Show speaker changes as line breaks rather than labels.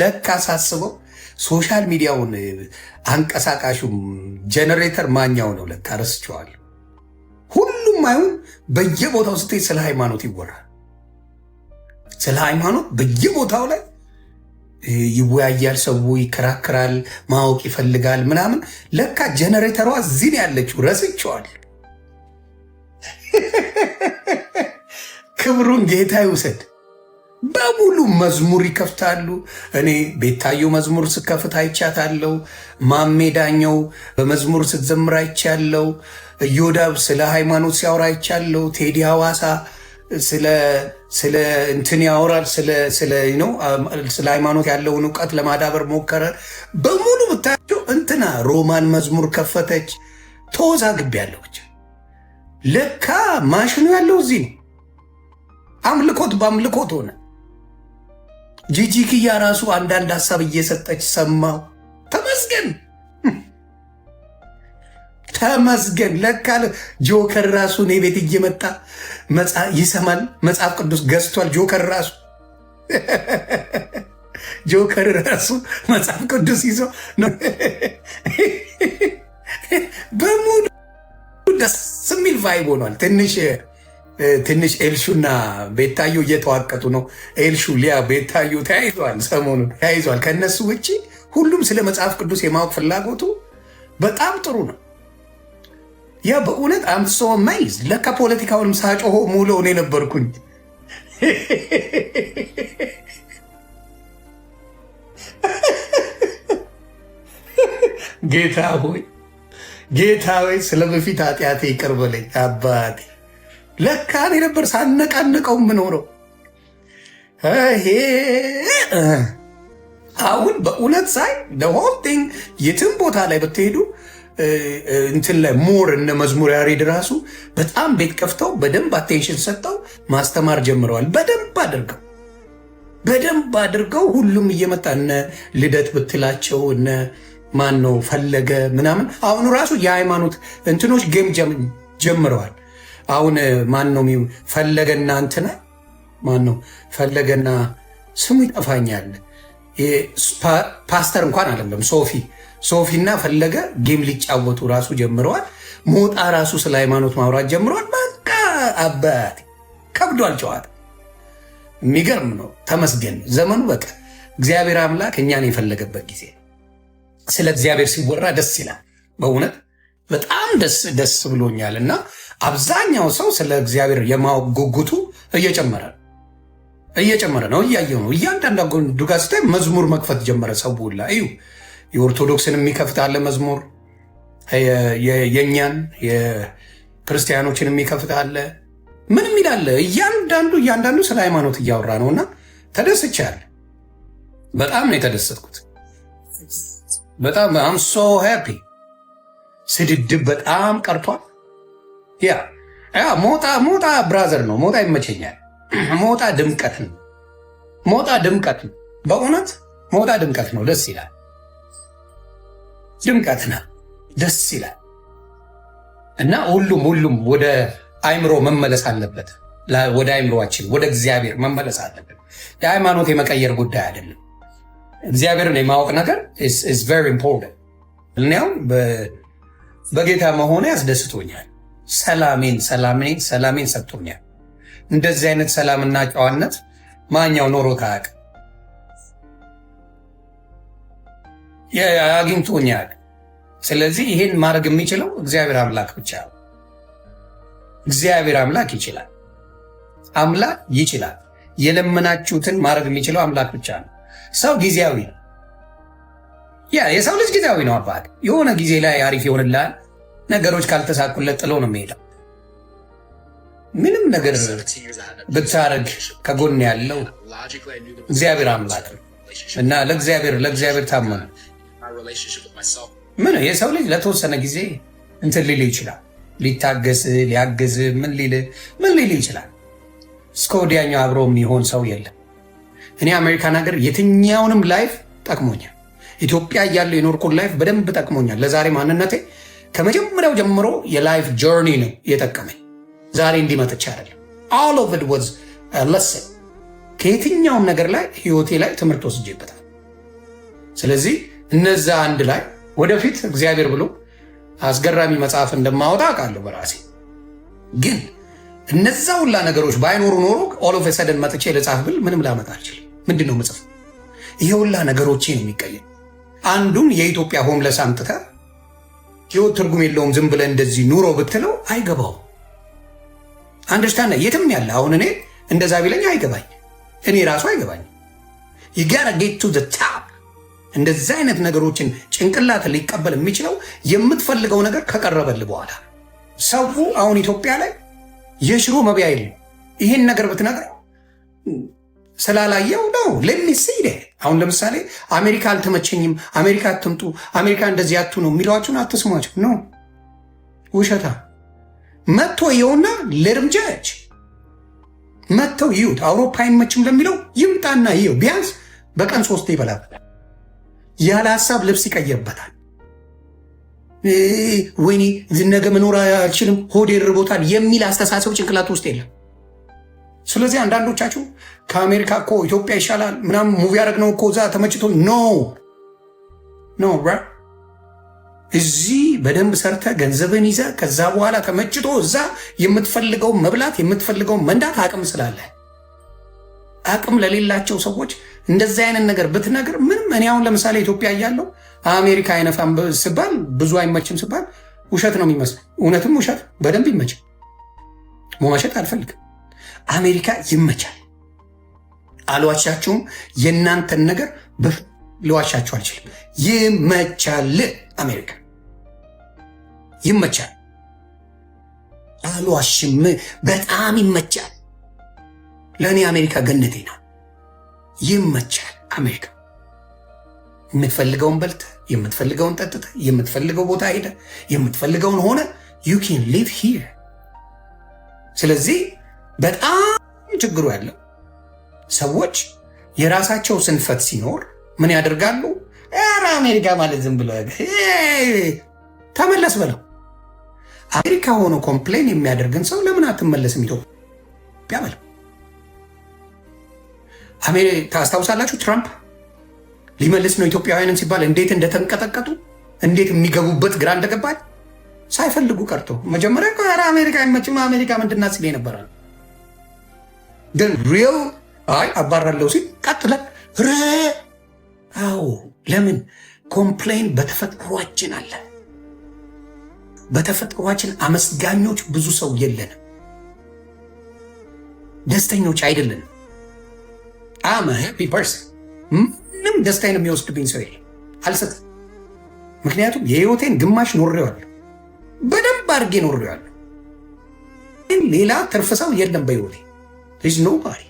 ለካ ሳስበው ሶሻል ሚዲያውን አንቀሳቃሹ ጀነሬተር ማኛው ነው ለካ ረስቸዋለሁ። ሁሉም አይሁን በየቦታው ስትሄድ ስለ ሃይማኖት ይወራል። ስለ ሃይማኖት በየቦታው ላይ ይወያያል፣ ሰው ይከራከራል፣ ማወቅ ይፈልጋል ምናምን። ለካ ጀነሬተሯ እዚህ ነው ያለችው። ረስቸዋል። ክብሩን ጌታ ይውሰድ። በሙሉ መዝሙር ይከፍታሉ። እኔ ቤታየው መዝሙር ስከፍት አይቻታለው። ማሜ ዳኘው በመዝሙር ስትዘምር አይቻለው። እዮዳብ ስለ ሃይማኖት ሲያወራ አይቻለው። ቴዲ ሐዋሳ ስለ እንትን ያወራል። ስለ ሃይማኖት ያለውን እውቀት ለማዳበር ሞከረ። በሙሉ ብታቸው እንትና ሮማን መዝሙር ከፈተች። ተወዛግቤ ያለው ብቻ ለካ ማሽኑ ያለው እዚህ ነው። አምልኮት በአምልኮት ሆነ። ጂጂ ክያ ራሱ አንዳንድ ሀሳብ እየሰጠች ሰማው። ተመስገን ተመስገን። ለካ ጆከር ራሱ እኔ ቤት እየመጣ ይሰማል። መጽሐፍ ቅዱስ ገዝቷል። ጆከር ራሱ ጆከር ራሱ መጽሐፍ ቅዱስ ይዞ በሙሉ ደስ የሚል ቫይብ ሆኗል ትንሽ ትንሽ ኤልሹና ቤታዩ እየተዋቀጡ ነው። ኤልሹ ሊያ ቤታዩ ተያይዟል ሰሞኑን ተያይዟል። ከእነሱ ውጭ ሁሉም ስለ መጽሐፍ ቅዱስ የማወቅ ፍላጎቱ በጣም ጥሩ ነው። ያ በእውነት አምሶ መይዝ ለካ ፖለቲካውንም ሳጮሆ ሙለውን የነበርኩኝ ጌታ ሆይ ጌታ ሆይ ስለበፊት ኃጢአቴ ይቅር በለኝ አባቴ ለካ እኔ ነበር ሳነቃነቀው የምኖረው። አሁን በእውነት ሳይ ደሆል የትም ቦታ ላይ ብትሄዱ እንትን ላይ ሞር እነ መዝሙር ያሬድ ራሱ በጣም ቤት ከፍተው በደንብ አቴንሽን ሰጥተው ማስተማር ጀምረዋል። በደንብ አድርገው በደንብ አድርገው ሁሉም እየመጣ እነ ልደት ብትላቸው እነ ማን ነው ፈለገ ምናምን አሁኑ ራሱ የሃይማኖት እንትኖች ጌም ጀምረዋል። አሁን ማን ነው ፈለገና እንትና ማን ነው ፈለገና ስሙ ይጠፋኛል። ፓስተር እንኳን አይደለም ሶፊ ሶፊና ፈለገ ጌም ሊጫወቱ ራሱ ጀምረዋል። ሞጣ ራሱ ስለ ሃይማኖት ማውራት ጀምረዋል። በቃ አባት ከብዷል ጨዋታ። የሚገርም ነው። ተመስገን ዘመኑ በቃ እግዚአብሔር አምላክ እኛን የፈለገበት ጊዜ ስለ እግዚአብሔር ሲወራ ደስ ይላል። በእውነት በጣም ደስ ደስ ብሎኛል እና አብዛኛው ሰው ስለ እግዚአብሔር የማወቅ ጉጉቱ እየጨመረ ነው እየጨመረ ነው። እያየው ነው። እያንዳንዱ ዱጋ ስታይ መዝሙር መክፈት ጀመረ ሰው ሁላ። እዩ፣ የኦርቶዶክስን የሚከፍት አለ መዝሙር፣ የእኛን የክርስቲያኖችን የሚከፍት አለ። ምንም ይላለ እያንዳንዱ እያንዳንዱ ስለ ሃይማኖት እያወራ ነው። እና ተደስቻል። በጣም ነው የተደሰትኩት። በጣም አም ሶ ሃፒ። ስድድብ በጣም ቀርቷል። ያ ሞጣ ሞጣ ብራዘር ነው። ሞጣ ይመቸኛል። ሞጣ ድምቀት ነው። ሞጣ ድምቀት ነው። በእውነት ሞጣ ድምቀት ነው። ደስ ይላል። ድምቀት ነው። ደስ ይላል። እና ሁሉም ሁሉም ወደ አይምሮ መመለስ አለበት። ወደ አይምሮችን ወደ እግዚአብሔር መመለስ አለበት። የሃይማኖት የመቀየር ጉዳይ አይደለም። እግዚአብሔርን የማወቅ ነገር ኢዝ ቨሪ ኢምፖርታንት። እኒያውም በጌታ መሆነ ያስደስቶኛል። ሰላሜን ሰላሜን ሰላሜን ሰጥቶኛል። እንደዚህ አይነት ሰላምና ጨዋነት ማኛው ኖሮ ታያቅ አግኝቶኛል። ስለዚህ ይሄን ማድረግ የሚችለው እግዚአብሔር አምላክ ብቻ ነው። እግዚአብሔር አምላክ ይችላል። አምላክ ይችላል። የለመናችሁትን ማድረግ የሚችለው አምላክ ብቻ ነው። ሰው ጊዜያዊ ነው። ያ የሰው ልጅ ጊዜያዊ ነው። አባት የሆነ ጊዜ ላይ አሪፍ ይሆንላል። ነገሮች ካልተሳኩለት ጥሎ ነው የሚሄደው። ምንም ነገር ብታረግ ከጎን ያለው እግዚአብሔር አምላክ ነው እና ለእግዚአብሔር ለእግዚአብሔር ታመኑ? ምን የሰው ልጅ ለተወሰነ ጊዜ እንትን ሊል ይችላል። ሊታገስ ሊያገዝ ምን ሊል ምን ሊል ይችላል። እስከ ወዲያኛው አብሮ የሚሆን ሰው የለም። እኔ አሜሪካን ሀገር የትኛውንም ላይፍ ጠቅሞኛል። ኢትዮጵያ እያለሁ የኖርኩን ላይፍ በደንብ ጠቅሞኛል። ለዛሬ ማንነቴ ከመጀመሪያው ጀምሮ የላይፍ ጆርኒ ነው የጠቀመኝ። ዛሬ እንዲመጥቻ አይደለም። አል ኦፍ ኢት ዋዝ ለሰን። ከየትኛውም ነገር ላይ ህይወቴ ላይ ትምህርት ወስጄበታል። ስለዚህ እነዛ አንድ ላይ ወደፊት እግዚአብሔር ብሎ አስገራሚ መጽሐፍ እንደማወጣ አውቃለሁ በራሴ ግን እነዛ ሁላ ነገሮች ባይኖሩ ኖሮ ኦል ኦፍ ሰደን መጥቼ ልጻፍ ብል ምንም ላመጣ አልችልም። ምንድን ነው ምጽፍ? ይሄ ሁላ ነገሮቼ ነው የሚቀየር። አንዱን የኢትዮጵያ ሆምለስ አምጥተ ህይወት ትርጉም የለውም ዝም ብለ እንደዚህ ኑሮ ብትለው አይገባው። አንደርስታንድ የትም ያለ አሁን እኔ እንደዛ ቢለኝ አይገባኝ፣ እኔ ራሱ አይገባኝ። ይጋራ ጌት ቱ ታፕ። እንደዚህ አይነት ነገሮችን ጭንቅላት ሊቀበል የሚችለው የምትፈልገው ነገር ከቀረበል በኋላ። ሰው አሁን ኢትዮጵያ ላይ የሽሮ መብያ የለም። ይህን ነገር ብትነግረው ስላላየው ነው ለሚስይ አሁን ለምሳሌ አሜሪካ አልተመቸኝም፣ አሜሪካ አትምጡ፣ አሜሪካ እንደዚህ አቱ ነው የሚለዋችሁን አትስሟቸው ነው ውሸታ መጥቶ የውና ለርምጃች መጥተው ይዩት። አውሮፓ አይመችም ለሚለው ይምጣና ይው። ቢያንስ በቀን ሶስት ይበላበታል። ያለ ሀሳብ ልብስ ይቀይርበታል። ወይኔ ነገ መኖር አልችልም፣ ሆዴ ርቦታል የሚል አስተሳሰብ ጭንቅላት ውስጥ የለም። ስለዚህ አንዳንዶቻችሁ ከአሜሪካ እኮ ኢትዮጵያ ይሻላል ምናምን ሙቪ ያደረግነው እኮ እዛ ተመችቶ ኖ ኖ እዚህ በደንብ ሰርተ ገንዘብን ይዘ ከዛ በኋላ ተመችቶ እዛ የምትፈልገው መብላት የምትፈልገው መንዳት አቅም ስላለ አቅም ለሌላቸው ሰዎች እንደዚህ አይነት ነገር ብትነግር ምንም እኔ አሁን ለምሳሌ ኢትዮጵያ እያለው አሜሪካ አይነፋም ስባል ብዙ አይመችም ስባል ውሸት ነው የሚመስል እውነትም ውሸት በደንብ ይመች መዋሸት አልፈልግም አሜሪካ ይመቻል። አልዋሻችሁም። የእናንተን ነገር ልዋሻችሁ አልችልም። ይመቻል። አሜሪካ ይመቻል። አልዋሽም። በጣም ይመቻል። ለእኔ አሜሪካ ገነቴ ነው። ይመቻል አሜሪካ። የምትፈልገውን በልተ፣ የምትፈልገውን ጠጥተ፣ የምትፈልገው ቦታ ሄደ፣ የምትፈልገውን ሆነ ዩ ኬን ሊቭ ሂር። ስለዚህ በጣም ችግሩ ያለው ሰዎች የራሳቸው ስንፈት ሲኖር ምን ያደርጋሉ? ኧረ አሜሪካ ማለት ዝም ብሎ ተመለስ ብለው አሜሪካ ሆኖ ኮምፕሌን የሚያደርግን ሰው ለምን አትመለስም ኢትዮጵያ በለው። ታስታውሳላችሁ ትራምፕ ሊመልስ ነው ኢትዮጵያውያንን ሲባል እንዴት እንደተንቀጠቀጡ እንዴት የሚገቡበት ግራ እንደገባል ሳይፈልጉ ቀርቶ መጀመሪያ ኧረ አሜሪካ አይመችም አሜሪካ ምንድና ሲል ነበራል። ግን ሪል አይ አባራለው ሲል ቀጥለን ር አዎ ለምን ኮምፕሌን በተፈጥሯችን አለ። በተፈጥሯችን አመስጋኞች ብዙ ሰው የለንም። ደስተኞች አይደለንም። አም ሃፒ ፐርሰን ምንም ደስታዬን የሚወስድብኝ ሰው የለም። አልሰጥም። ምክንያቱም የህይወቴን ግማሽ ኖሬዋለሁ። በደንብ አድርጌ ኖሬዋለሁ። ግን ሌላ ትርፍ ሰው የለም በህይወቴ There's nobody.